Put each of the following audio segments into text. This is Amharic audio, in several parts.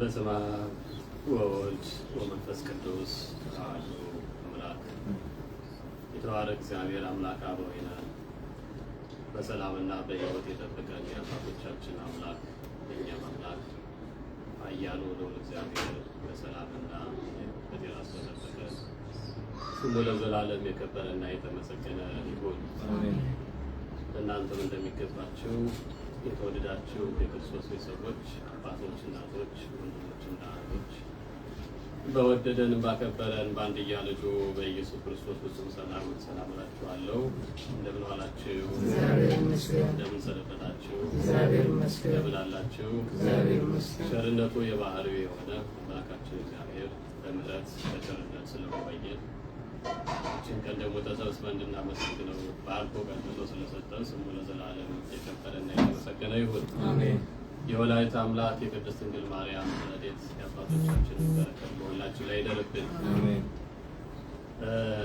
በስመ አብ ወወልድ ወመንፈስ ቅዱስ አሐዱ አምላክ። የተባረከ እግዚአብሔር አምላክ አበዊነ በሰላምና በሕይወት የጠበቀን የአባቶቻችን አምላክ የእኛም አምላክ አያሉ ልዑል እግዚአብሔር በሰላምና በጤና ስለጠበቀ ስሙ ለዘላለም የከበረና የተመሰገነ ይሁን። እናንተም እንደሚገባችው የተወደዳችሁ የክርስቶስ ቤተሰቦች አባቶች፣ እናቶች፣ ወንድሞችና እህቶች በወደደን ባከበረን በአንድያ ልጁ በኢየሱስ ክርስቶስ ፍጹም ሰላም ሰላም እላችኋለሁ። እንደምን ዋላችሁ? እንደምን ሰነበታችሁ? እንደምን አላችሁ? ቸርነቱ የባህሪው የሆነ አምላካችን እግዚአብሔር በምሕረት በቸርነት ስለመቆየን። ይችን ቀን ደግሞ ተሰብስበን እንድናመሰግነው ባርኮ ቀድሶ ስለሰጠን ስሙ ለዘላለም የከበረና የተመሰገነ ይሁን። የወላዲተ አምላክ የቅድስት ድንግል ማርያም ረድኤት የአባቶቻችን በረከት በሁላችን ላይ ይደርብን።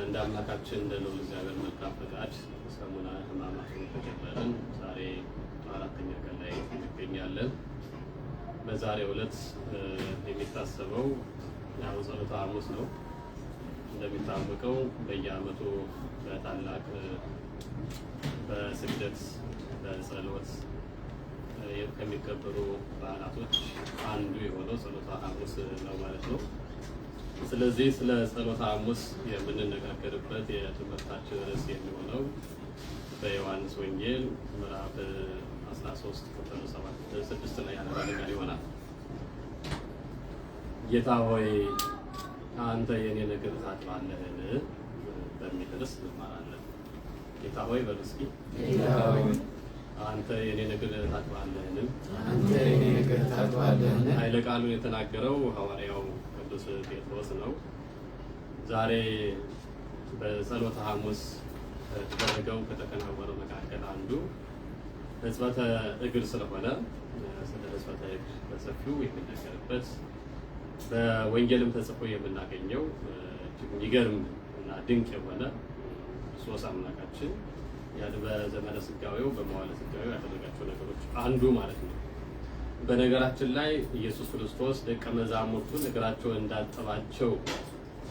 እንደ አምላካችን እንደ ልዑል እግዚአብሔር መልካም ፈቃድ ሰሙነ ሕማማትን ተጀመርን። ዛሬ አራተኛ ቀን ላይ እንገኛለን። በዛሬው ዕለት የሚታሰበው ያው ጸሎተ ሐሙስ ነው። እንደሚታወቀው በየዓመቱ በታላቅ በስግደት በጸሎት ከሚከበሩ በዓላቶች አንዱ የሆነው ጸሎተ ሐሙስ ነው ማለት ነው። ስለዚህ ስለ ጸሎተ ሐሙስ የምንነጋገርበት የትምህርታችን ርዕስ የሚሆነው በዮሐንስ ወንጌል ምዕራፍ 13 ቁጥር 7 6 ላይ ያለ ይሆናል። ጌታ ሆይ አንተ የእኔን ነገር ታጥባለህ በሚል ርዕስ እንማራለን። ጌታ ሆይ በል እስኪ አንተ የእኔን ነገር ታጥባለህን አንተ የእኔን ነገር ታጥባለህን ኃይለ ቃሉን የተናገረው ሐዋርያው ቅዱስ ጴጥሮስ ነው። ዛሬ በጸሎተ ሐሙስ ከተደረገው ከተከናወረው መካከል አንዱ ሕጽበተ እግር ስለሆነ ስለ ሕጽበተ እግር በሰፊው የሚነገርበት በወንጌልም ተጽፎ የምናገኘው የሚገርም እና ድንቅ የሆነ ሶስት አምላካችን በዘመነ ስጋዌው በመዋለ ስጋዌው ያደረጋቸው ነገሮች አንዱ ማለት ነው። በነገራችን ላይ ኢየሱስ ክርስቶስ ደቀ መዛሙርቱን እግራቸው እንዳጠባቸው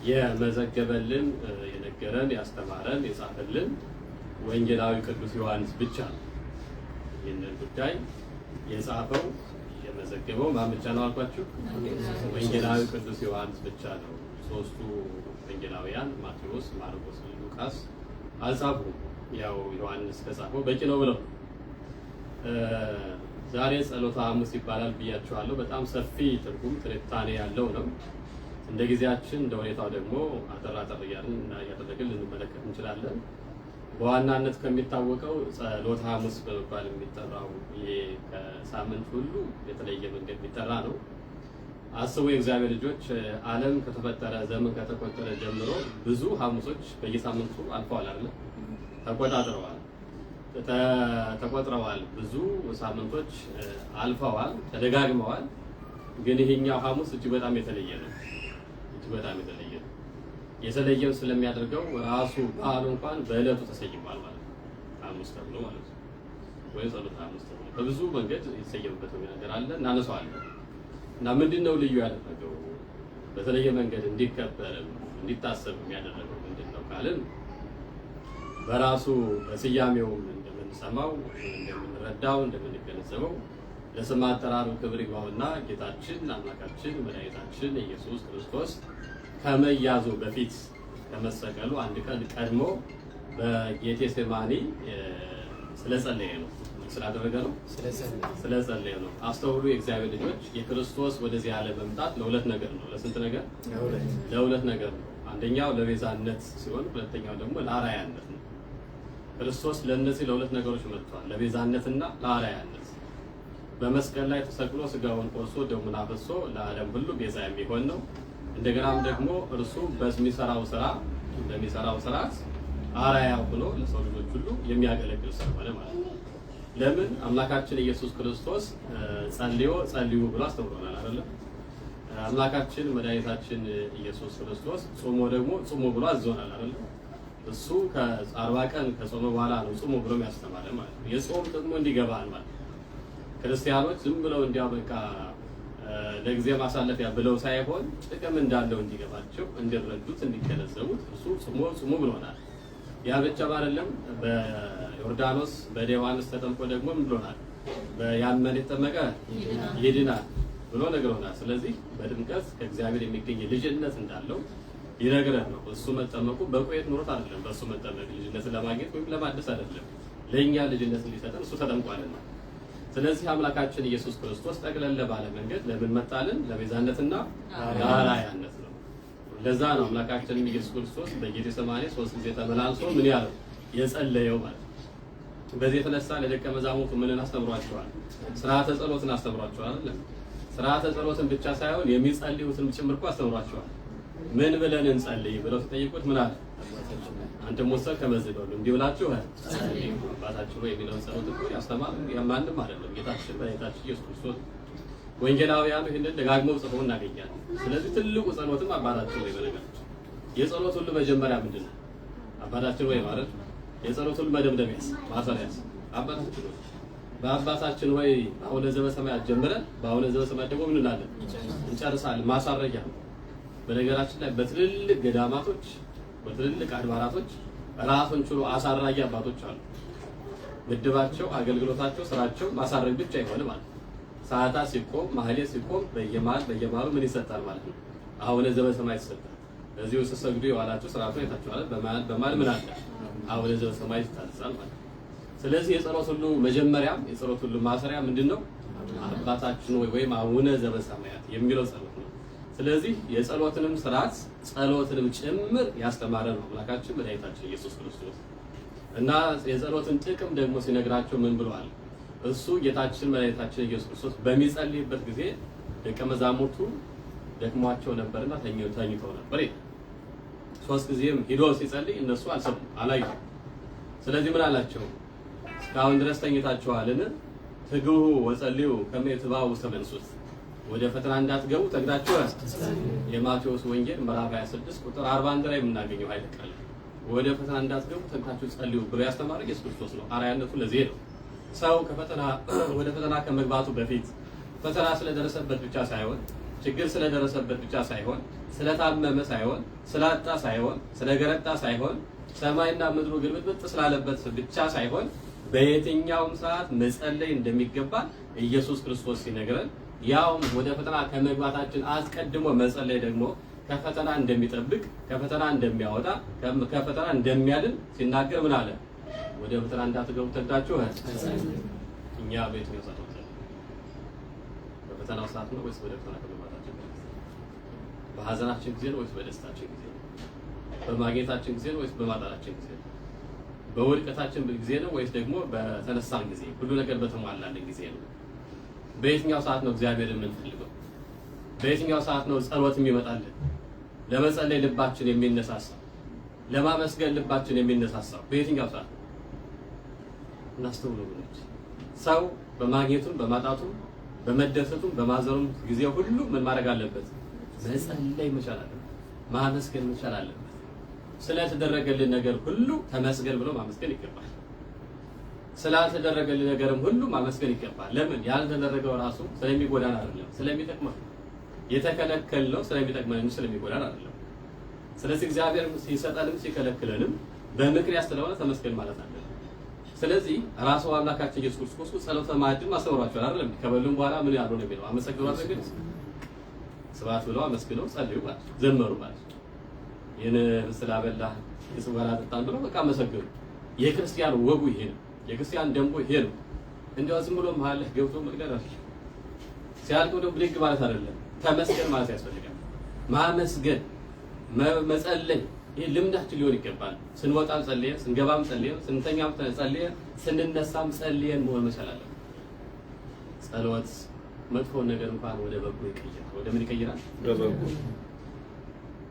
የመዘገበልን የነገረን፣ ያስተማረን፣ የጻፈልን ወንጌላዊ ቅዱስ ዮሐንስ ብቻ ነው። ይህንን ጉዳይ የጻፈው የተመዘገበው ማን ነው አልኳችሁ? ወንጌላዊ ቅዱስ ዮሐንስ ብቻ ነው። ሶስቱ ወንጌላውያን ማቴዎስ፣ ማርቆስ፣ ሉቃስ አልጻፉም። ያው ዮሐንስ ከጻፈው በቂ ነው ብለው ዛሬ ጸሎተ ሐሙስ ይባላል ብያችኋለሁ። በጣም ሰፊ ትርጉም ትንታኔ ያለው ነው። እንደ ጊዜያችን እንደ ሁኔታው ደግሞ አጠር አጠር እያልን እና እያደረግን ልንመለከት እንችላለን። በዋናነት ከሚታወቀው ጸሎተ ሐሙስ በመባል የሚጠራው ይሄ ከሳምንት ሁሉ የተለየ መንገድ የሚጠራ ነው። አስቡ የእግዚአብሔር ልጆች፣ ዓለም ከተፈጠረ ዘመን ከተቆጠረ ጀምሮ ብዙ ሐሙሶች በየሳምንቱ አልፈዋል አለ ተቆጣጥረዋል፣ ተቆጥረዋል። ብዙ ሳምንቶች አልፈዋል፣ ተደጋግመዋል። ግን ይሄኛው ሐሙስ እጅግ በጣም የተለየ ነው። እጅግ በጣም የተለየ የተለየም ስለሚያደርገው ራሱ በዓሉ እንኳን በእለቱ ተሰይሟል ማለት ነው። አምስት ተብሎ ማለት ነው። ወይ ጸሎት አምስት ተብሎ በብዙ መንገድ የተሰየመበት ነገር አለ፣ እናነሳዋለን። እና ምንድን ነው ልዩ ያደረገው በተለየ መንገድ እንዲከበርም እንዲታሰብም የሚያደረገው ምንድን ነው ካልን በራሱ በስያሜውም እንደምንሰማው እንደምንረዳው እንደምንገነዘበው ለስም አጠራሩ ክብር ይግባውና ጌታችን አምላካችን መድኃኒታችን ኢየሱስ ክርስቶስ ከመያዙ በፊት ከመሰቀሉ አንድ ቀን ቀድሞ በጌቴሴማኒ ስለጸለየ ነው። ስላደረገ ነው፣ ስለጸለየ ነው። አስተውሉ የእግዚአብሔር ልጆች፣ የክርስቶስ ወደዚህ ዓለም መምጣት ለሁለት ነገር ነው። ለስንት ነገር? ለሁለት ነገር ነው። አንደኛው ለቤዛነት ሲሆን፣ ሁለተኛው ደግሞ ለአራያነት ነው። ክርስቶስ ለእነዚህ ለሁለት ነገሮች መጥቷል፣ ለቤዛነትና ለአራያነት በመስቀል ላይ ተሰቅሎ ስጋውን ቆርሶ ደሙን አፍስሶ ለዓለም ሁሉ ቤዛ የሚሆን ነው። እንደገናም ደግሞ እርሱ በሚሰራው ስራ በሚሰራው ስርዓት አራያ ሆኖ ለሰው ልጆች ሁሉ የሚያገለግል ስለሆነ ማለት ነው። ለምን አምላካችን ኢየሱስ ክርስቶስ ጸልዮ ጸልዩ ብሎ አስተምሮናል አይደለም? አምላካችን መድኃኒታችን ኢየሱስ ክርስቶስ ጾሞ ደግሞ ጾሞ ብሎ አዞናል አይደለም? እሱ ከአርባ ቀን ከጾመ በኋላ ነው ጾሞ ብሎ የሚያስተማረ ማለት ነው። የጾም ጥቅሙ እንዲገባል ማለት ነው። ክርስቲያኖች ዝም ብለው እንዲያው በቃ ለጊዜ ማሳለፊያ ብለው ሳይሆን ጥቅም እንዳለው እንዲገባቸው እንዲረዱት፣ እንዲገነዘቡት እሱ ጽሙ ጽሙ ብሎናል። ያ ብቻ አይደለም። በዮርዳኖስ በዴዋንስ ተጠምቆ ደግሞ ምን ብሎናል? ያመነ የጠመቀ ይድናል ብሎ ነግሮናል። ስለዚህ በድምቀት ከእግዚአብሔር የሚገኝ ልጅነት እንዳለው ይነግረን ነው። እሱ መጠመቁ በቆየት ኑሮት አይደለም። በእሱ መጠመቅ ልጅነትን ለማግኘት ወይም ለማደስ አይደለም። ለእኛ ልጅነት እንዲሰጠን እሱ ተጠምቋልና ስለዚህ አምላካችን ኢየሱስ ክርስቶስ ጠቅለል ባለ መንገድ ለምን መጣልን? ለቤዛነትና ለአርአያነት ነው። ለዛ ነው አምላካችን ኢየሱስ ክርስቶስ በጌቴሰማኒ ሶስት ጊዜ ተመላልሶ ምን ያለው የጸለየው ማለት ነው። በዚህ የተነሳ ለደቀ መዛሙርቱ ምንን አስተምሯቸዋል? ስርዓተ ጸሎትን አስተምሯቸዋል አይደል? ስርዓተ ጸሎትን ብቻ ሳይሆን የሚጸልዩትን ጭምር እኮ አስተምሯቸዋል። ምን ብለን እንጸልይ ብለው ተጠይቁት ምን አለ? አንተ ሞሰብ ከመዝገብ እንዲህ ብላችሁ አባታችን ሆይ የሚለውን ጸሎት እኮ ያስተማረን ያማንም አይደለም፣ ጌታችን መድኃኒታችን ኢየሱስ ክርስቶስ። ወንጌላውያኑ ይህንን ደጋግመው ጽፎ እናገኛለን። ስለዚህ ትልቁ ጸሎትም አባታችን ሆይ በነገራችን የጸሎት ሁሉ መጀመሪያ ምንድን ነው? አባታችን ሆይ ማለት የጸሎት ሁሉ መደምደሚያስ ማሰሪያስ አባታችን ሆይ በአባታችን ሆይ አቡነ ዘበሰማያት ጀምረን በአቡነ ዘበሰማያት ደግሞ ምን እንላለን? እንጨርሳለን። ማሳረጊያ በነገራችን ላይ በትልልቅ ገዳማቶች፣ በትልልቅ አድባራቶች ራሱን ችሎ አሳራጊ አባቶች አሉ። ምድባቸው፣ አገልግሎታቸው፣ ስራቸው ማሳረግ ብቻ ይሆን ማለት ነው። ሰዓታ ሲቆም ማህሌ ሲቆም በየማል በየማሉ ምን ይሰጣል ማለት ነው። አሁን ዘበሰማይ ይሰጣል። በዚሁ ስሰግዱ የዋላችሁ ስርዓቱን አይታችኋል። በማል በማል ምን አለ አሁን ዘበሰማይ ይታዘዛል ማለት ነው። ስለዚህ የጸሎት ሁሉ መጀመሪያ የጸሎት ሁሉ ማሰሪያ ምንድን ነው? አባታችን ወይ ወይም አቡነ ዘበሰማያት የሚለው ጸሎት ነው። ስለዚህ የጸሎትንም ስርዓት ጸሎትንም ጭምር ያስተማረ ነው አምላካችን መድኃኒታችን ኢየሱስ ክርስቶስ። እና የጸሎትን ጥቅም ደግሞ ሲነግራቸው ምን ብለዋል? እሱ ጌታችን መድኃኒታችን ኢየሱስ ክርስቶስ በሚጸልይበት ጊዜ ደቀ መዛሙርቱ ደክሟቸው ነበርና ተኝተው ነበር። ሶስት ጊዜም ሂዶ ሲጸልይ እነሱ አልሰሙ አላዩ። ስለዚህ ምን አላቸው? እስካሁን ድረስ ተኝታችኋልን? ትግሁ ወጸልዩ ከመ ትባሁ ተመንሱት፣ ወደ ፈተና እንዳትገቡ ተግዳችሁ ያስ የማቴዎስ ወንጌል ምዕራፍ 26 ቁጥር 41 ላይ የምናገኘው ኃይለ ቃል ወደ ፈተና እንዳትገቡ ተግታችሁ ጸልዩ ብሎ ያስተማረ ኢየሱስ ክርስቶስ ነው። አርአያነቱ ለዚህ ነው። ሰው ከፈተና ወደ ፈተና ከመግባቱ በፊት ፈተና ስለደረሰበት ብቻ ሳይሆን ችግር ስለደረሰበት ብቻ ሳይሆን ስለታመመ ሳይሆን ስላጣ ሳይሆን ስለገረጣ ሳይሆን ሰማይና ምድሩ ግልብጥብጥ ስላለበት ብቻ ሳይሆን በየትኛውም ሰዓት መጸለይ እንደሚገባ ኢየሱስ ክርስቶስ ሲነግረን ያውም ወደ ፈተና ከመግባታችን አስቀድሞ መጸለይ ደግሞ ከፈተና እንደሚጠብቅ ከፈተና እንደሚያወጣ ከፈተና እንደሚያድን ሲናገር ምን አለ? ወደ ፈተና እንዳትገቡ ተግዳችሁ እኛ ቤት ነው ሰጠው። በፈተናው ሰዓት ነው ወይስ ወደ ፈተና ከመግባታችን በፊት? በሀዘናችን ጊዜ ነው ወይስ በደስታችን ጊዜ ነው? በማግኘታችን ጊዜ ነው ወይስ በማጣታችን ጊዜ ነው? በውድቀታችን ጊዜ ነው ወይስ ደግሞ በተነሳን ጊዜ ሁሉ ነገር በተሟላልን ጊዜ ነው? በየትኛው ሰዓት ነው እግዚአብሔር የምንፈልገው? በየትኛው ሰዓት ነው ጸሎት የሚመጣልን? ለመጸለይ ልባችን የሚነሳሳ ለማመስገን ልባችን የሚነሳሳ በየትኛው ሰዓት እናስተውሉ። ሰው በማግኘቱም በማጣቱም በመደሰቱም በማዘኑም ጊዜ ሁሉ ምን ማድረግ አለበት? መጸለይ መቻል አለበት። ማመስገን መቻል አለበት። ስለተደረገልን ነገር ሁሉ ተመስገን ብሎ ማመስገን ይገባል። ስላልተደረገልን ነገርም ሁሉ ማመስገን ይገባል። ለምን? ያልተደረገው ራሱ ስለሚጎዳን አይደለም ስለሚጠቅመን የተከለከልነው ስለሚጠቅመን እንጂ ስለሚጎዳን አይደለም። ስለዚህ እግዚአብሔር ሲሰጠንም ሲከለክለንም በምክንያት ስለሆነ ተመስገን ማለት አለ። ስለዚህ ራሱ አምላካችን ኢየሱስ ክርስቶስ ጸሎተ ማዕድን አስተምሯቸዋል አይደለም? ከበሉም በኋላ ምን ያሉ ነው የሚለው አመሰግኑ አድርገን ስብሐት ብለው አመስግነው ጸልዩ ማለት ዘመሩ ማለት ይህን ስላበላህ የስዋላ አጠጣን ብለው በቃ አመሰግኑ። የክርስቲያን ወጉ ይሄ ነው። የክርስቲያን ደንቡ ይሄ ነው። እንዲያው ዝም ብሎ መሀል ገብቶ መቅደር አይደለም። ሲያልቅ ደግሞ ብድግ ማለት አይደለም። ተመስገን ማለት ያስፈልጋል። ማመስገን፣ መጸለይ ይህ ልምዳችን ሊሆን ይገባል። ስንወጣም ጸልየን፣ ስንገባም ጸልየን፣ ስንተኛም ጸልየን፣ ስንነሳም ጸልየን መሆን መቻል አለብን። ጸሎት መጥፎን ነገር እንኳን ወደ በጎ ይቀይራል። ወደ ምን ይቀይራል? ወደ በጎ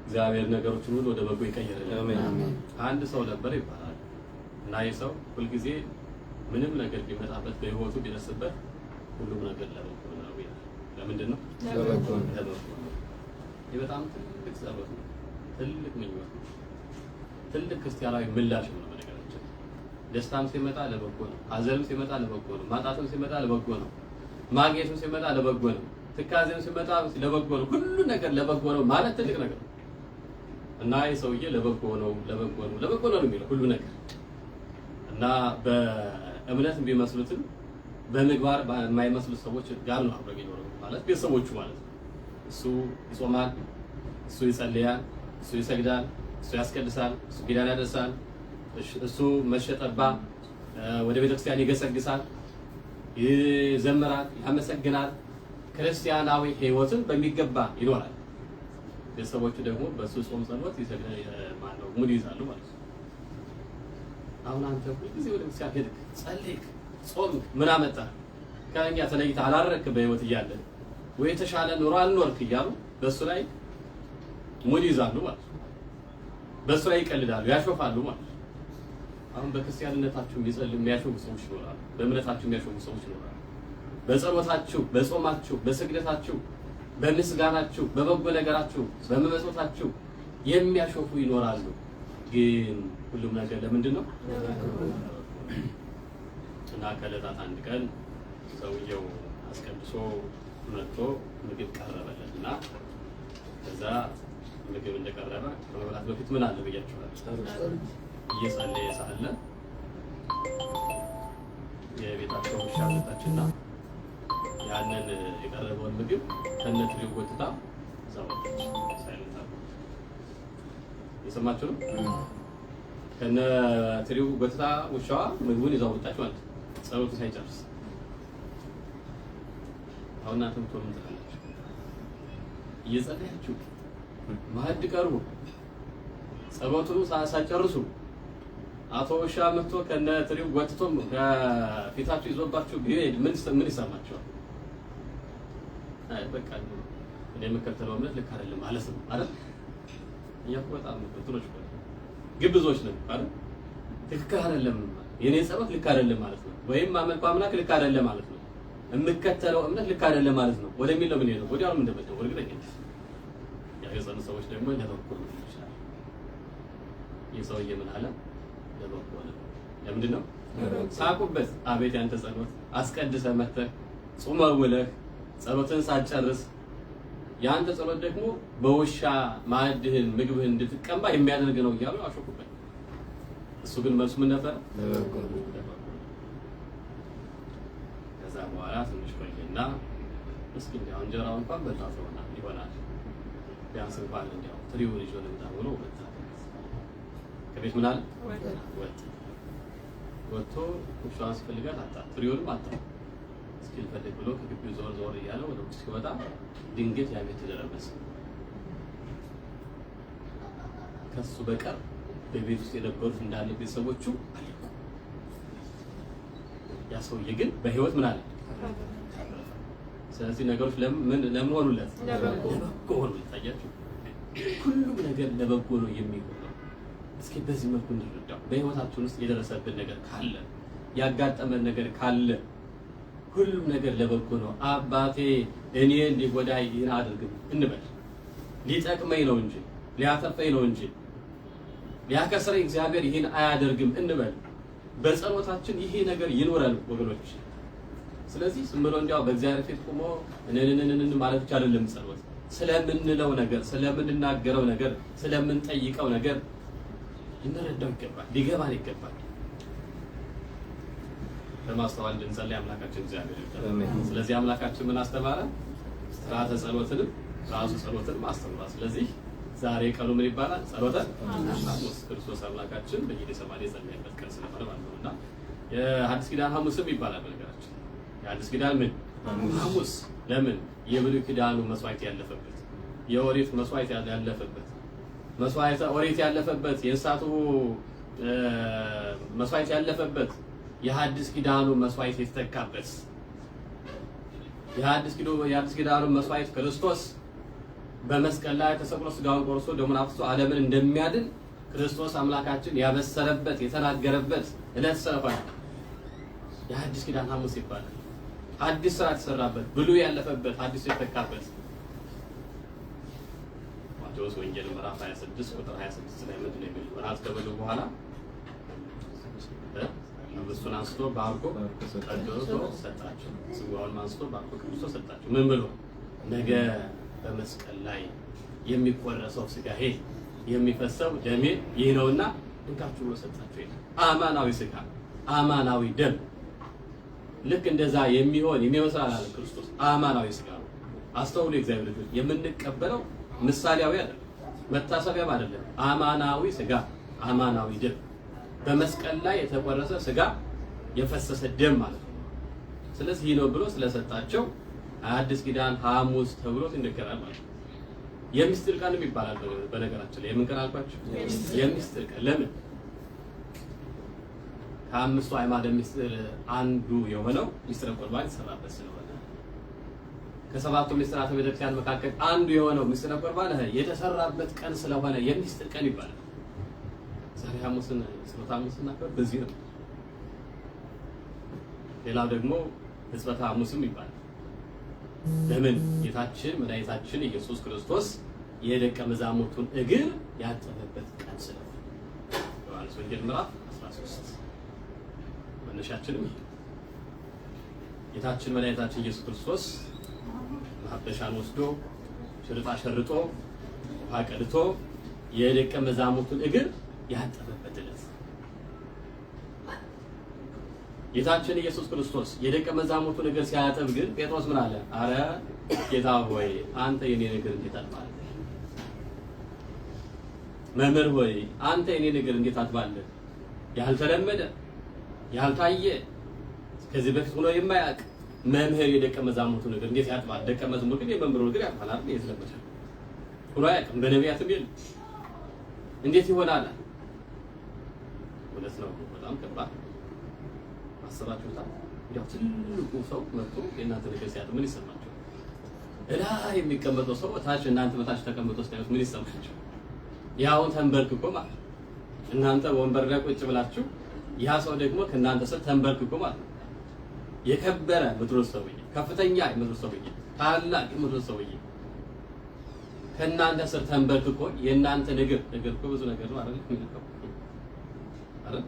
እግዚአብሔር ነገሮችን ሁሉ ወደ በጎ ይቀይራል። አንድ ሰው ነበር ይባላል እና ይህ ሰው ሁልጊዜ ምንም ነገር ቢመጣበት በህይወቱ ቢደርስበት ሁሉም ነገር ለበ ለምንድን ነው? ይህ በጣም ትልቅ ጸሎት ነው። ትልቅ ምኞት ነው። ትልቅ ክርስቲያናዊ ምላሽ ነው። በነገራችን ደስታም ሲመጣ ለበጎ ነው። ሀዘንም ሲመጣ ለበጎ ነው። ማጣትም ሲመጣ ለበጎ ነው። ማግኘትም ሲመጣ ለበጎ ነው። ትካዜም ሲመጣ ለበጎ ነው። ሁሉ ነገር ለበጎ ነው ማለት ትልቅ ነገር ነው እና ይህ ሰውዬ ለበጎ ነው፣ ለበጎ ነው፣ ለበጎ ነው የሚለው ሁሉ ነገር እና በእምነት ቢመስሉትም በምግባር የማይመስሉ ሰዎች ጋር ነው አብሮ የሚኖረው ማለት ቤተሰቦቹ ማለት ነው። እሱ ይጾማል፣ እሱ ይጸልያል፣ እሱ ይሰግዳል፣ እሱ ያስቀድሳል፣ እሱ ኪዳን ያደርሳል፣ እሱ መሸጠባ ወደ ቤተክርስቲያን ይገሰግሳል፣ ይዘምራል፣ ያመሰግናል። ክርስቲያናዊ ህይወትን በሚገባ ይኖራል። ቤተሰቦቹ ደግሞ በእሱ ጾም፣ ጸሎት ይሰግዳል ማለት ነው። ሙድ ይይዛሉ ማለት ነው። አሁን አንተ ሁልጊዜ ወደ ቤተክርስቲያን ሄድክ ጸልይክ ጾም ምን አመጣ? ከኛ ተለይተ አላረክ በህይወት እያለ ወይ የተሻለ ኑሮ አልኖርክ እያሉ በእሱ ላይ ሙድ ይዛሉ ማለት ነው። በእሱ ላይ ይቀልዳሉ፣ ያሾፋሉ ማለት ነው። አሁን በክርስቲያንነታችሁ የሚጸልም የሚያሾፉ ሰዎች ይኖራሉ። በእምነታችሁ የሚያሾፉ ሰዎች ይኖራሉ። በጸሎታችሁ፣ በጾማችሁ፣ በስግደታችሁ፣ በምስጋናችሁ፣ በበጎ ነገራችሁ፣ በመመጽወታችሁ የሚያሾፉ ይኖራሉ። ግን ሁሉም ነገር ለምንድን ነው? እና ከዕለታት አንድ ቀን ሰውየው አስቀድሶ መጥቶ ምግብ ቀረበለት እና ከዛ ምግብ እንደቀረበ ከመብላት በፊት ምን አለ ብያችኋል? እየጸለየ ሳለ የቤታቸው ውሻ መጣችና ያንን የቀረበውን ምግብ ከነት ሊጎትታ ዛወጣች። ሳይለታ የሰማችሁ ነው። ከነ ትሪው ጎትታ ውሻዋ ምግቡን ወጣች ማለት ጸሎቱ ሳይጨርስ አሁን አንተም ምን ትላላችሁ? እየጸለያችሁ ማዕድ ቀርቦ ጸሎቱ ሳይጨርሱ አቶ ውሻ መጥቶ ከነ ትሪው ወጥቶ ከፊታችሁ ይዞባችሁ ቢሄድ ምን ምን ይሰማችኋል? አይ በቃ እኔ የምከተለው እምነት ልክ አይደለም ማለት ነው አይደል? እኛ እኮ በጣም ግብዞች ነን አይደል? ትክክል አይደለም የኔ ጸሎት ልክ አይደለም ማለት ነው፣ ወይም ማመልኩ አምላክ ልክ አይደለም ማለት ነው፣ የምከተለው እምነት ልክ አይደለም ማለት ነው ወደሚል ነው ምን የምንሄደው። ወዲያውኑ እንደበደው እርግጠኛ ነኝ። ያገጸኑ ሰዎች ደግሞ ለበኩል ነው ይችላል። ይህ ሰውዬ ምን አለ? ለበኩል ነው። ለምንድን ነው ሳቁበት? አቤት ያንተ ጸሎት አስቀድሰ መተህ ጾመህ ውለህ ጸሎትን ሳጨርስ የአንተ ጸሎት ደግሞ በውሻ ማዕድህን ምግብህን እንድትቀማ የሚያደርግ ነው እያሉ አሾፉበት። እሱ ግን መልሱ ምን ነበር? ከዛ በኋላ ትንሽ ቆየና እስኪ እንዲያው እንጀራው እንኳን በላ ሰውና ይሆናል ቢያንስ እንኳን እንዲያው ትሪውን ይዞ ልምጣ ብሎ ወጣ። ከቤት ምን አለ ወጣ። ወጥቶ አጣ፣ ትሪውንም አጣ። እስኪ ልፈልግ ብሎ ከግቢው ዞር ዞር እያለ ወደ ውጭ ሲወጣ ድንገት ያ ቤት ተደረመሰ። ከሱ በቀር በቤት ውስጥ የነበሩት እንዳለ ቤተሰቦቹ አለቁ። ያ ሰውዬ ግን በህይወት ምን አለ? ስለዚህ ነገሮች ለምን ለምን ሆኑለት? ለበጎ ሆኑለት። ታያችሁ፣ ሁሉም ነገር ለበጎ ነው የሚሆነው። እስኪ በዚህ መልኩ እንረዳው። በህይወታችን ውስጥ የደረሰብን ነገር ካለ ያጋጠመን ነገር ካለ ሁሉም ነገር ለበጎ ነው። አባቴ እኔ ሊጎዳይ ይህን አድርግም እንበል። ሊጠቅመኝ ነው እንጂ ሊያጠፋኝ ነው እንጂ ቢያከስረኝ እግዚአብሔር ይህን አያደርግም እንበል። በጸሎታችን ይሄ ነገር ይኖራል ወገኖች። ስለዚህ ዝም ብሎ እንዲያው በእግዚአብሔር ፊት ቆሞ እንንንንን ማለት ብቻ አይደለም ጸሎት። ስለምንለው ነገር፣ ስለምንናገረው ነገር፣ ስለምንጠይቀው ነገር ልንረዳው ይገባል፣ ሊገባን ይገባል። በማስተዋል እንድንጸልይ አምላካችን እግዚአብሔር ይርዳል። ስለዚህ አምላካችን ምን አስተማረ? ስርዓተ ጸሎትንም ራሱ ጸሎትን አስተምሯል። ስለዚህ ዛሬ ቀኑ ምን ይባላል? ጸሎተ ሐሙስ ክርስቶስ አምላካችን በየደ ሰማኔ የጸለየበት ቀን ስለሆነ ማለት ነው እና የሐዲስ ኪዳን ሐሙስም ይባላል። በነገራችን የሐዲስ ኪዳን ምን ሐሙስ ለምን? የብሉይ ኪዳኑ መስዋዕት ያለፈበት፣ የኦሪት መስዋዕት ያለፈበት፣ መስዋዕት ኦሪት ያለፈበት፣ የእንስሳቱ መስዋዕት ያለፈበት፣ የሐዲስ ኪዳኑ መስዋዕት የተተካበት የሐዲስ ኪዳኑ መስዋዕት ክርስቶስ በመስቀል ላይ ተሰቅሎ ስጋውን ቆርሶ ደሙን አፍስሶ ዓለምን እንደሚያድን ክርስቶስ አምላካችን ያበሰረበት የተናገረበት ዕለት ሰፋ የአዲስ ኪዳን ሐሙስ ይባላል። አዲስ ስራ የተሰራበት ብሉ ያለፈበት አዲሱ የተካበት ማቴዎስ ወንጌል ምዕራፍ 26 ቁጥር 26 ላይ ምንድን ነው የሚለው? እራት ከበሉ በኋላ ህብስቱን አንስቶ ባርኮ ቀድሶ ሰጣቸው። ጽዋውን አንስቶ ባርኮ ቀድሶ ሰጣቸው። ምን ብሎ ነገ በመስቀል ላይ የሚቆረሰው ስጋዬ የሚፈሰው ደሜ ይህ ነውና እንካችሁ ብሎ ሰጣችሁ ይላል። አማናዊ ስጋ አማናዊ ደም ልክ እንደዛ የሚሆን የሚመስል አለ ክርስቶስ። አማናዊ ስጋ ነው። አስተውሉ የእግዚአብሔር ልጆች፣ የምንቀበለው ምሳሌያዊ አይደለም፣ መታሰቢያም አይደለም። አማናዊ ስጋ አማናዊ ደም በመስቀል ላይ የተቆረሰ ስጋ የፈሰሰ ደም ማለት ነው። ስለዚህ ይህ ነው ብሎ ስለሰጣቸው አዲስ ኪዳን ሐሙስ ተብሎ ይነገራል ማለት ነው። የምስጢር ቀንም ይባላል። በነገራችን ላይ የምን ቀን አልኳችሁ? የምስጢር ቀን። ለምን ከአምስቱ አዕማደ ምስጢር አንዱ የሆነው ምስጢረ ቁርባን ይሰራበት ስለሆነ ከሰባቱ ምስጢራተ ቤተክርስቲያን መካከል አንዱ የሆነው ምስጢረ ቁርባን የተሰራበት ቀን ስለሆነ የምስጢር ቀን ይባላል። ዛሬ ሐሙስን ሐሙስ ሐሙስን በዚህ ነው። ሌላው ደግሞ ሕጽበተ ሐሙስም ይባላል። ለምን ጌታችን መድኃኒታችን ኢየሱስ ክርስቶስ የደቀ መዛሙርቱን እግር ያጠበበት ቀን ስለሆነ ዮሐንስ ወንጌል ምዕራፍ 13 መነሻችንም ጌታችን መድኃኒታችን ኢየሱስ ክርስቶስ ማህበሻን ወስዶ ሽርጣ ሸርጦ ውሃ ቀድቶ የደቀ መዛሙርቱን እግር ያጠበበት ጌታችን ኢየሱስ ክርስቶስ የደቀ መዛሙርቱ እግር ሲያጥብ ግን ጴጥሮስ ምን አለ? አረ ጌታ ሆይ አንተ የኔ እግር እንዴት አጥባለህ? መምህር ሆይ አንተ የኔ እግር እንዴት አጥባለህ? ያልተለመደ ያልታየ ከዚህ በፊት ሆኖ የማያውቅ መምህር የደቀ መዛሙርቱ እግር እንዴት ያጥባል? ደቀ መዝሙር ግን የመምህሩ እግር ያጥባል አይደል? የተለመደ ሆኖ አያውቅም። በነቢያትም ይል እንዴት ይሆናል? እውነት ነው። በጣም ከባድ አስባችሁታል? እንዲያው ትልቁ ሰው መጥቶ የእናንተ ነገር ሲያጥ ምን ይሰማቸው? እላ የሚቀመጠው ሰው ታች እናንተ በታች ተቀምጦ ስታዩት ምን ይሰማቸው? ያው ተንበርክኮ ማለት እናንተ ወንበር ላይ ቁጭ ብላችሁ ያ ሰው ደግሞ ከእናንተ ስር ተንበርክኮ ማለት ነው። የከበረ ምድር ሰውዬ፣ ከፍተኛ ምድር ሰውዬ፣ ታላቅ ምድር ሰውዬ ከእናንተ ስር ተንበርክኮ የእናንተ እግር እግር እኮ ብዙ ነገር ነው አይደል?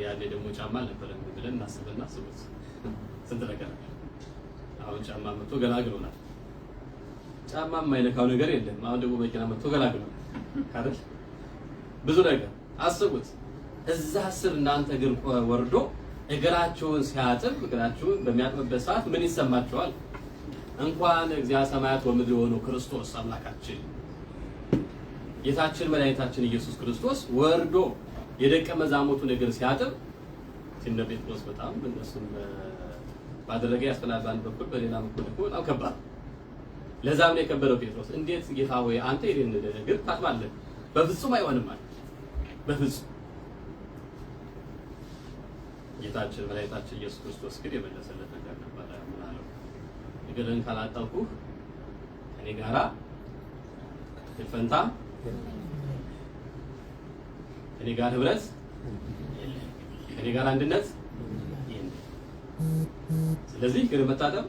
እንግዲህ ያለ ደግሞ ጫማ አልነበረም ብለን እናስብና ስቡት ስንት ነገር አሁን ጫማ መጥቶ ገላግሎናል። ጫማ የማይነካው ነገር የለም። አሁን ደግሞ መኪና መጥቶ ገላግሎናል አይደል? ብዙ ነገር አስቡት። እዛ ስር እናንተ ግን ወርዶ እግራችሁን ሲያጥብ እግራችሁን በሚያጥብበት ሰዓት ምን ይሰማቸዋል? እንኳን እግዚአ ሰማያት ወምድር የሆነው ክርስቶስ አምላካችን ጌታችን መድኃኒታችን ኢየሱስ ክርስቶስ ወርዶ የደቀ መዛሙርቱ እግር ሲያጥብ ሲነ ጴጥሮስ በጣም እነሱም ማድረግ ያስፈላል። በአንድ በኩል በሌላ በኩል ደግሞ በጣም ከባድ። ለዛም ነው የከበረው ጴጥሮስ እንዴት ጌታ ወይ አንተ የኔን እግር ታጥባለህ? በፍጹም አይሆንም አለ። በፍጹም ጌታችን መድኃኒታችን ኢየሱስ ክርስቶስ ግን የመለሰለት ነገር ነበረ። ምን አለው? እግርህን ካላጠብኩህ ከኔ ጋራ ፈንታ እኔ ጋር ህብረት፣ እኔ ጋር አንድነት። ስለዚህ እግር መታጠብ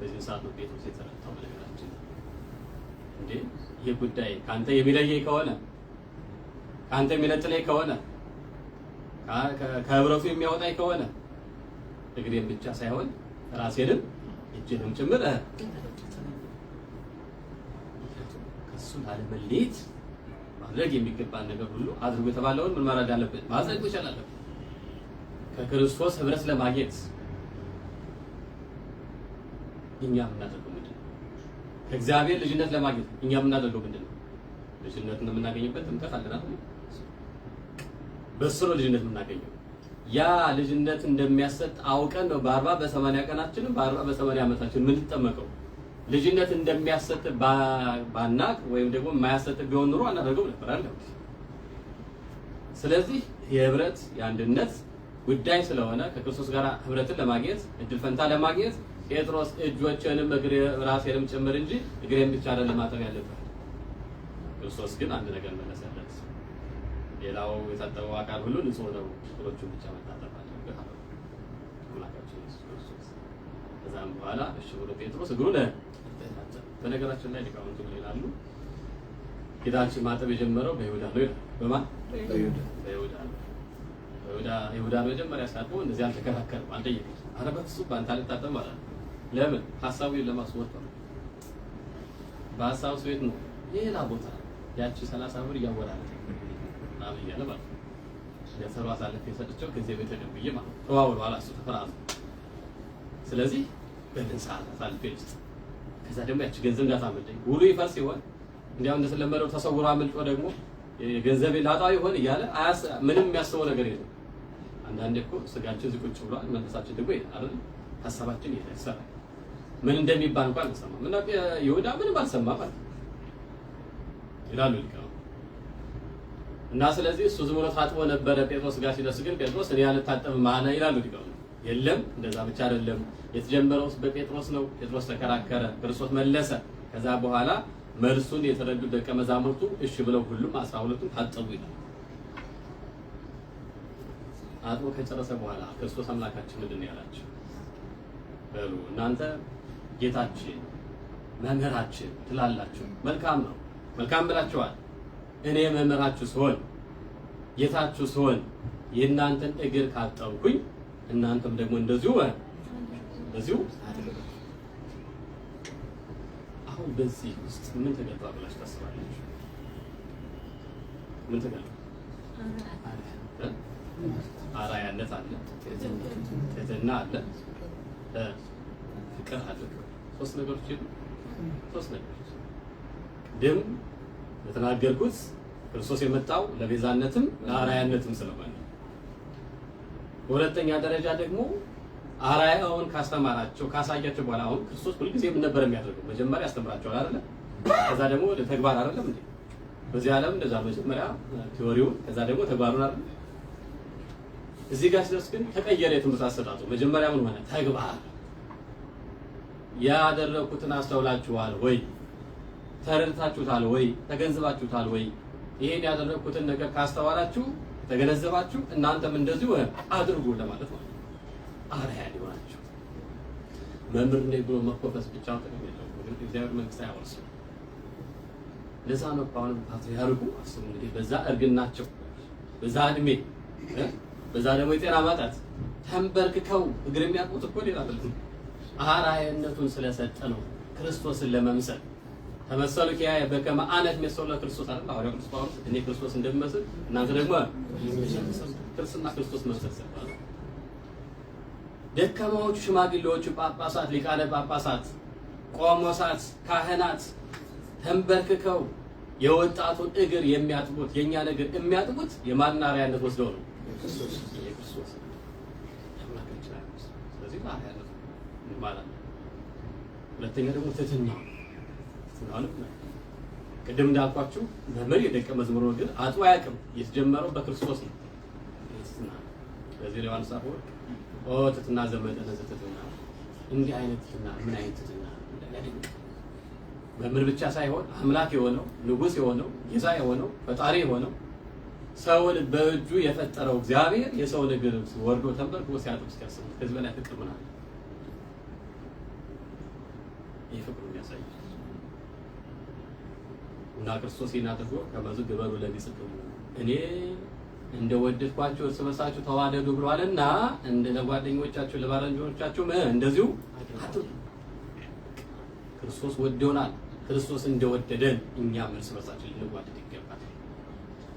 በዚህ ሰዓት ነው ቤት ውስጥ የተረታው። በነገራችን እንዴ ይህ ጉዳይ ከአንተ የሚለየኝ ከሆነ ከአንተ የሚነጥለኝ ከሆነ ከህብረቱ የሚያወጣኝ ከሆነ እግሬን ብቻ ሳይሆን ራሴንም እጅህም ጭምር እሱን አለመለየት ማድረግ የሚገባን ነገር ሁሉ አድርጎ የተባለውን ምን ማድረግ አለበት? ማጽደቅ መቻል አለበት። ከክርስቶስ ህብረት ለማግኘት እኛ የምናደርገው ምንድን ነው? ከእግዚአብሔር ልጅነት ለማግኘት እኛ የምናደርገው ምንድን ነው? ልጅነትን የምናገኝበት ጥምቀት አለና በእሱ ነው ልጅነት የምናገኘው። ያ ልጅነት እንደሚያሰጥ አውቀን ነው በአርባ በሰማንያ ቀናችንም በአርባ በሰማንያ ዓመታችን የምንጠመቀው። ልጅነት እንደሚያሰጥ ባናቅ ወይም ደግሞ የማያሰጥ ቢሆን ኑሮ አናደርገው ነበር አለ። ስለዚህ የህብረት የአንድነት ጉዳይ ስለሆነ ከክርስቶስ ጋር ህብረትን ለማግኘት እድል ፈንታ ለማግኘት ጴጥሮስ እጆችንም እግሬ ራሴንም ጭምር እንጂ እግሬን ብቻ አይደለም ለማጠብ ያለበት። ክርስቶስ ግን አንድ ነገር መለሰለት፣ ሌላው የታጠበው አካል ሁሉ ንጹሕ ነው፣ እግሮቹን ብቻ መታጠብ አለበት አምላካችን ኢየሱስ ክርስቶስ። ከዛም በኋላ እሺ ብሎ ጴጥሮስ እግሩ በነገራችን ላይ ሊቃውንት ምን ይላሉ? ጌታችን ማጠብ የጀመረው በይሁዳ ነው ይላል። በማን በይሁዳ ነው። ይሁዳ መጀመሪያ ሲያጥበው እንደዚህ አልተከራከርም፣ አልጠየቁት። ኧረ በፍፁም በአንተ አልታጠብም አላለም። ለምን? ሀሳቡን ለማስወጣት ነው። በሀሳቡ ስሜት ነው። ሌላ ቦታ ያቺ ሰላሳ ብር እያወራለ ምናምን እያለ ማለት ነው። ለሰሩ አሳልፌ የሰጥቼው ከዚህ ቤት ደንብዬ ማለት ተዋውሎ አላሱ ተፈራዙ። ስለዚህ በምን ሰዓት አሳልፌ ልስጥ ከዛ ደግሞ ያቺ ገንዘብ እንዳታመልጠኝ ውሉ ይፈርስ ይሆን እንዲያው እንደተለመደው ተሰውራ አምልጦ ደግሞ ገንዘብ ላጣ ይሆን እያለ ምንም የሚያስበው ነገር የለም። አንዳንዴ እኮ ስጋችን ዝቁጭ ብሏል፣ መንፈሳችን ደግሞ አይደል ሀሳባችን ይሰራል። ምን እንደሚባል እንኳን አልሰማም እና ይሁዳ ምንም አልሰማም ማለት ይላሉ ሊቃውንት እና ስለዚህ እሱ ዝም ብሎ ታጥቦ ነበረ። ጴጥሮስ ጋር ሲደርስ ግን ጴጥሮስ እኔ አልታጠብም አለ ይላሉ ሊቃውንት የለም እንደዛ ብቻ አይደለም። የተጀመረው በጴጥሮስ ነው። ጴጥሮስ ተከራከረ፣ ክርስቶስ መለሰ። ከዛ በኋላ መልሱን የተረዱ ደቀ መዛሙርቱ እሺ ብለው ሁሉም አስራ ሁለቱም ታጠቡ ይላል። አጥቦ ከጨረሰ በኋላ ክርስቶስ አምላካችን ምንድን ነው ያላቸው? በሉ እናንተ ጌታችን መምህራችን ትላላችሁ፣ መልካም ነው፣ መልካም ብላችኋል። እኔ መምህራችሁ ስሆን ጌታችሁ ስሆን የእናንተን እግር ካጠብኩኝ እናንተም ደግሞ እንደዚሁ በዚሁ አድርጉ። አሁን በዚህ ውስጥ ምን ተገባ ብላችሁ ታስባላችሁ? ምን ተገባ? አራያነት አለ፣ ትህትና አለ፣ ፍቅር አለ። ሶስት ነገሮች ይሉ ሶስት ነገሮች ደም ለተናገርኩት ክርስቶስ የመጣው ለቤዛነትም ለአራያነትም ስለሆነ በሁለተኛ ደረጃ ደግሞ አራያውን ካስተማራቸው ካሳያቸው በኋላ አሁን ክርስቶስ ሁልጊዜ ምን ነበር የሚያደርገው? መጀመሪያ ያስተምራቸዋል አይደለ? ከዛ ደግሞ ወደ ተግባር አይደለም እንዴ? በዚህ ዓለም እንደዛ መጀመሪያ ቲዎሪውን ከዛ ደግሞ ተግባሩን አይደለ? እዚህ ጋር ሲደርስ ግን ተቀየረ የትምህርት አሰጣጡ። መጀመሪያ ምን ሆነ? ተግባር። ያደረኩትን አስተውላችኋል ወይ? ተረድታችሁታል ወይ? ተገንዝባችሁታል ወይ? ይሄን ያደረኩትን ነገር ካስተዋላችሁ ተገነዘባችሁ? እናንተም እንደዚሁ አድርጉ ለማለት ነው። አርያ ሊሆናችሁ መምህር ነኝ ብሎ መኮፈስ ብቻ ጥቅም የለውም። እግዚአብሔር መንግስት አያወርስም። ለዛ ነው ባሁን ፓትርያርኩ አስቡ እንግዲህ በዛ እርግናቸው፣ በዛ እድሜ፣ በዛ ደግሞ የጤና ማጣት ተንበርክከው እግር የሚያውቁት እኮ ሌላ አይደለም። አርአያነቱን ስለሰጠ ነው ክርስቶስን ለመምሰል ተመሰሉ ኪያ በከመ አነ እምይእሰሎ ክርስቶስ አይደል? ሐዋርያው ቅዱስ ጳውሎስ እኔ ክርስቶስ እንደምመስል እናንተ ደግሞ ክርስትና ክርስቶስ መምሰል ስለሆነ ደካማዎቹ ሽማግሌዎቹ፣ ጳጳሳት፣ ሊቃነ ጳጳሳት፣ ቆሞሳት፣ ካህናት ተንበርክከው የወጣቱን እግር የሚያጥቡት የኛ እግር የሚያጥቡት የማን አርአያነት ወስደው ነው? ክርስቶስ የክርስቶስ ነው። ሁለተኛ ደግሞ ትህትና ስራውን ቅድም እንዳልኳችሁ መምህር የደቀ መዝሙር ግን አጥቦ አያውቅም። የተጀመረው በክርስቶስ ነው። ስለዚህ ዮሐንስ አፈወርቅ ኦ ትሕትና ዘመጠነ ዘትሕትና፣ እንዲህ አይነት ትሕትና ምን አይነት ትሕትና! መምህር ብቻ ሳይሆን አምላክ የሆነው ንጉሥ የሆነው ጌታ የሆነው ፈጣሪ የሆነው ሰውን በእጁ የፈጠረው እግዚአብሔር የሰው እግር ወርዶ ተንበርክኮ ሲያጥብ ሲያስብ ከዚህ በላይ ፍቅር ምን አለ? ይህ ፍቅሩ የሚያሳይ እና ክርስቶስ ይናጥፉ ከመዙ ግበሩ ለዚህ እኔ እንደወደድኳችሁ እርስ በርሳችሁ ተዋደዱ ብሏልና እንደ ለጓደኞቻችሁ ለባልንጀሮቻችሁ እንደዚሁ ክርስቶስ ወዶናል። ክርስቶስ እንደወደደን እኛም እርስ በርሳችን ልንዋደድ ይገባል።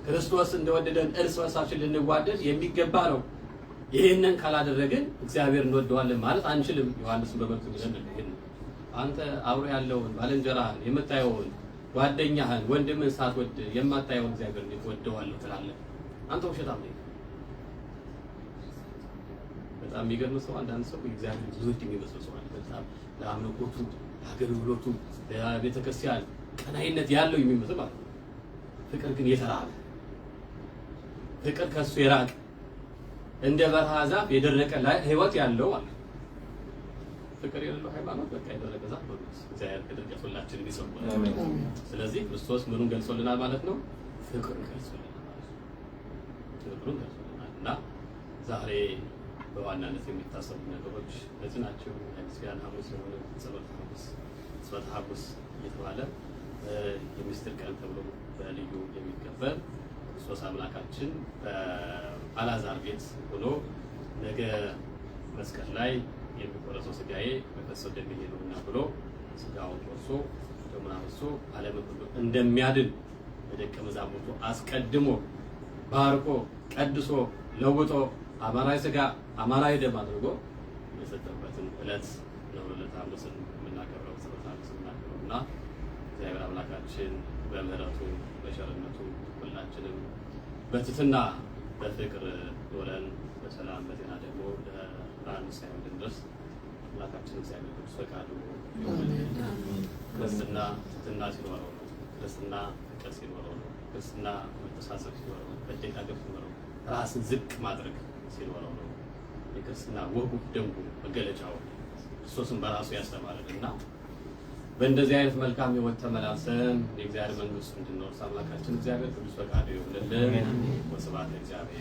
ክርስቶስ እንደወደደን እርስ በርሳችን ልንዋደድ የሚገባ ነው። ይህንን ካላደረግን እግዚአብሔር እንወደዋለን ማለት አንችልም። ዮሐንስን በመልኩ ይዘን አንተ አብሮ ያለውን ባልንጀራህን የምታየውን ጓደኛህን ወንድምህን ሳትወድ የማታየው እግዚአብሔር እንዴት ወደዋለሁ ትላለህ? አንተ ውሸታም ነህ። በጣም የሚገርም ሰው፣ አንዳንድ ሰው እግዚአብሔር ይወድ የሚመስል ሰው አለ። በጣም ለአምልኮቱ፣ ለአገልግሎቱ፣ ለቤተክርስቲያን ቀናይነት ያለው የሚመስል ማለት ነው። ፍቅር ግን የተራቀ ፍቅር ከሱ የራቀ እንደ በረሃ ዛፍ የደረቀ ህይወት ያለው አለ ፍቅር የሌለው ሃይማኖት በቃ የሆነ ገዛ ሆኑት። እግዚአብሔር ከድርቀት ሁላችንን ይሰማል። ስለዚህ ክርስቶስ ምኑን ገልጾልናል ማለት ነው? ፍቅሩን ገልጾልናል ማለት ነው። ፍቅሩን ገልጾልናል እና ዛሬ በዋናነት የሚታሰቡ ነገሮች እነዚህ ናቸው። ክርስቲያን ሐሙስ የሆነ ጸሎተ ሐሙስ፣ ጸሎተ ሐሙስ እየተባለ የሚስጥር ቀን ተብሎ በልዩ የሚከበር ክርስቶስ አምላካችን በአላዛር ቤት ሆኖ ነገ መስቀል ላይ የሚቆረሰው ስጋዬ በፈሰው ደሜ ነውና ብሎ ስጋውን ቆርሶ ደሙን አፍስሶ ዓለምን ሁሉ እንደሚያድን በደቀ መዛሙርቱ አስቀድሞ ባርቆ ቀድሶ ለውጦ አማራዊ ስጋ አማራዊ ደም አድርጎ የሰጠበትን ዕለት ነው ዕለት ሐሙስን የምናከብረው ስለት ሐሙስ የምናከብረው እና እግዚአብሔር አምላካችን በምህረቱ በቸርነቱ ሁላችንም በትትና በፍቅር ኖረን በሰላም በጤና ደግሞ ለአንድ ሳይሆን ድረስ አምላካችን እግዚአብሔር ቅዱስ ፈቃዱ ክርስትና ትትና ሲኖረው ነው። ክርስትና ፍቅር ሲኖረው ነው። ክርስትና መተሳሰብ ሲኖረው ነው። መደጋገፍ ሲኖረው ራስን ዝቅ ማድረግ ሲኖረው ነው። የክርስትና ወጉ፣ ደንቡ፣ መገለጫው ክርስቶስን በራሱ ያስተማረን እና በእንደዚህ አይነት መልካም ሕይወት ተመላልሰን የእግዚአብሔር መንግስት እንድንወርስ አምላካችን እግዚአብሔር ቅዱስ ፈቃዱ ይሁንልን። ወስብሐት ለእግዚአብሔር።